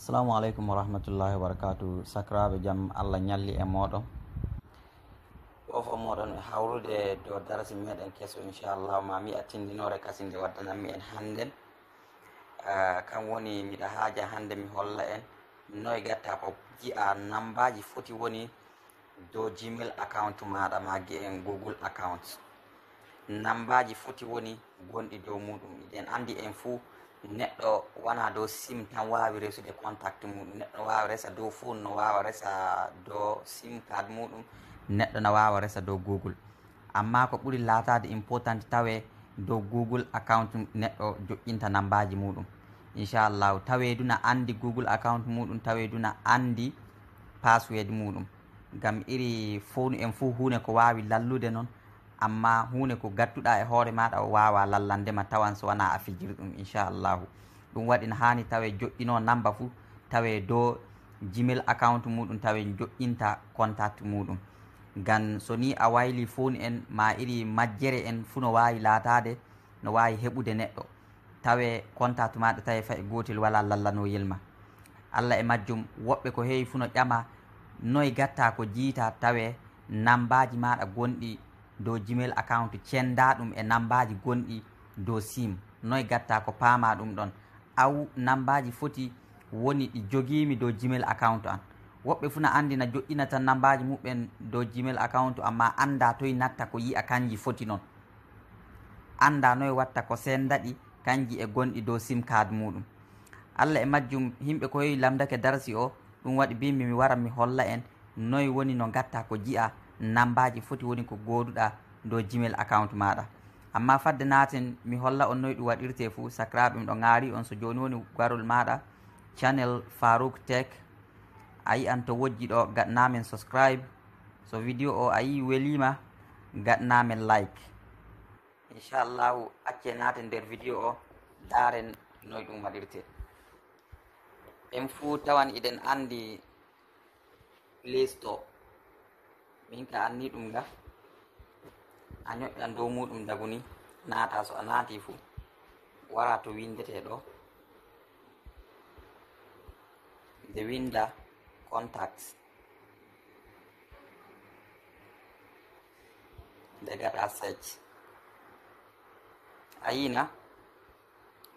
assalamu aleykum wa rahmatullahi wa barakatu sakiraɓe jaam allah ñalli e moɗon ofo moɗon e hawrude e dow darasi meɗen keso inchallah mami attindinore kasinde waddanami en hannden ah, kam woni miɗa haaja hannde mi holla en noye gatta ko ji'a nambaji foti woni dow gmail account maɗa magge en google account nambaji foti woni gonɗi dow muɗum iɗen andi en fuu neɗɗo wona dow sim tan wawi resude contact muɗum neɗɗo wawa resa dow fon no wawa resa dow sim card muɗum neɗɗo no wawa resa dow google amma ko ɓuuri latade important tawe dow google account neɗɗo joƴƴinta nambaji muɗum inchallahu tawe duna andi google account muɗum tawe duna andi passwed muɗum gam iri fownu en fo hunde ko wawi lallude noon amma hunde ko gadduɗa e hoore maɗa o wawa lallandema tawan so wona a fijiri ɗum inchallahu ɗum waɗi n hani tawe joɗɗino namba fou tawe dow jimel account muɗum tawe joɗɗinta contact muɗum gan so ni a wayli fon en ma iri majjere en fuu no wawi laatade no wawi heɓude neɗɗo tawe contact maɗa tawi fayi gotel wala lallanoyelma allah e majjum woɓɓe ko heewi fuu no ƴama noye gatta ko jiita tawe nambaji maɗa gonɗi dow jimel account cenda ɗum e nambaji gonɗi dow sim noy gatta ko paama ɗum ɗon aw nambaji foti woni ɗi jogimi dow jimel account an woɓɓe fuu na andi na joƴƴina tan nambaji muɓen dow jimel account amma anda toye natta ko yi'a kanji foti noon anda noye watta ko sendaɗi kanji e gonɗi dow sim kad muɗum allah e majjum himɓe ko yehi lamdake darsi o ɗum waɗi bimmi mi wara mi holla en noye woni no gatta ko ji'a nambaji foti woni ko goduɗa do jimel account maɗa amma fadde naten mi holla on noyi ɗum waɗirte fou sacrabe miɗo gaari on so joni woni garol maɗa channel farouk tek a yiyan to wojji ɗo gaɗnamen subscribe so vidéo o a yi welima gaɗnamen like inchallahu acce naten nder vidéo o daren noyi ɗum waɗirte ɓen fou tawan eɗen andi listo minka anni ɗum ga a ñoƴƴan dow muɗum dagu ni naata so a naati fu wara to windete ɗo nde winda contact nde gaɗa sec a yina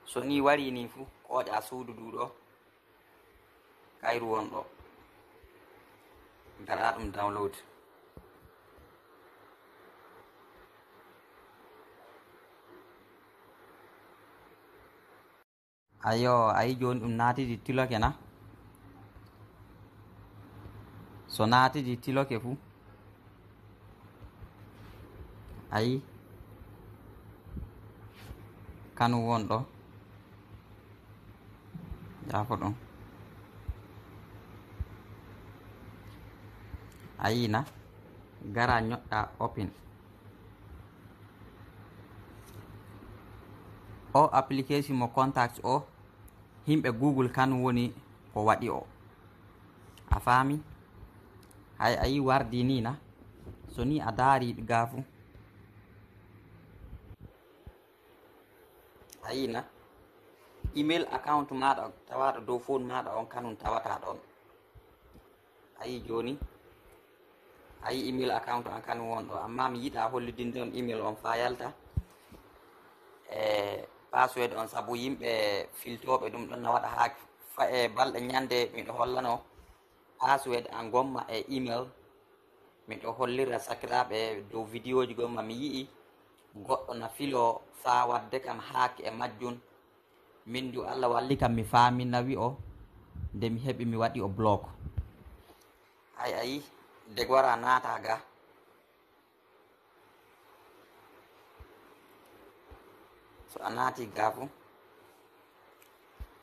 so ni wari ni fu koƴa suudu ndu ɗo kayru won ɗo gaɗa ɗum download ayo ayi joni ɗum naatiɗi tiloke na so naatiɗi tiloke fuu ayi kanu wonɗo yaako ɗum ayi na gara ñoɗɗa opin o application mo contact o himɓe google kan woni ko waɗi o a faami hay a yi wardi ni na so ni a daari ɗi gaafu a yi na email account maɗa tawaɗa dow fon maɗa on kanum tawataɗa on a yi joni a yi email account an kanum wonɗo amma mi yiɗa hollidinde on email on fa yalta e eh, password on saabu yimɓe filtoɓe ɗum ɗon nawaɗa ha fae balɗe ñande miɗo hollano password a gomma e email miɗo hollira sakiraɓe dow vidéo ji gomma mi yii goɗɗo na filo sa wadde kam haak e majjun min du allah walli kam mi faaminawi o nde mi heɓi mi waɗi o bloke ay ayi deg wara nataga so a naati gafo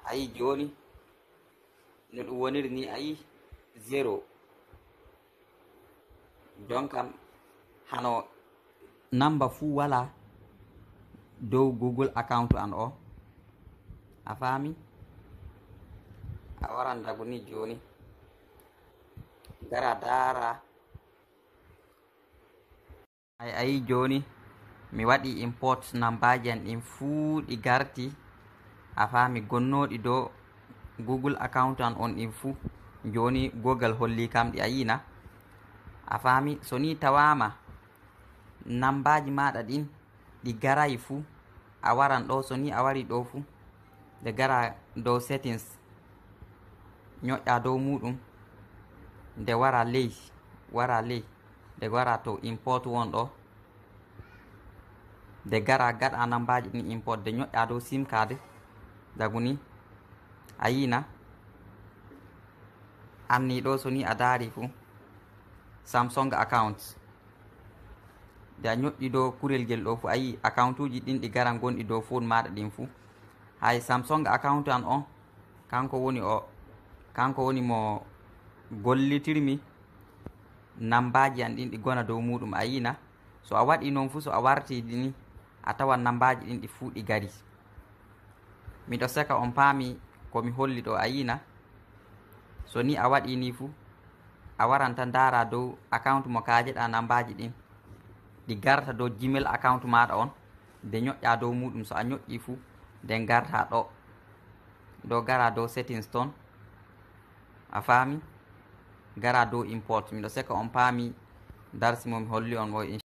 a yi joni no ɗum woniri ni a yi zero jon kam hano namba fuu wala dow google account an o a faami a waran dagu ni joni gara daara ay ayi joni mi waɗi import nambaji an ɗin fuu ɗi garti a fami gonnoɗi do google account an on ɗin fuu joni google holli kam ɗi a yina a fami so ni tawama nambaji maɗa ɗin ɗi garayi fuu a waran ɗo so ni a wari ɗo fuu ɗe gara dow settings ñoƴƴa dow muɗum nde wara ley wara ley ɗe wara to import won ɗo de gara gaɗa nambaji ɗin import de ñoƴƴa dow sim kade daguni a yina anni ɗo so ni a daari fu samsung account de a ñoƴƴi dow kurel gel ɗo fu ayi account uji ɗin ɗi gara gonɗi dow fon maɗa ɗin fu hay samsung account an on kanko woni o kanko woni mo gollitirmi nambaji an ɗin ɗi gona dow muɗum a yina so a waɗi noon fu so a warti ɗini a tawan nambaji ɗin ɗi fuu ɗi gari miɗo seka on paami komi holli ɗo a yina so ni a waɗi ni fuu a waranta ndara dow account mo kaajeɗa nambaji ɗin ɗi garta dow jimel account maɗa on nde ñoƴƴa dow muɗum so a ñoƴƴi fuu nden garta ɗo ɗo gara dow settings ton a faami gara dow import miɗo seka on paami darsi momi holli on o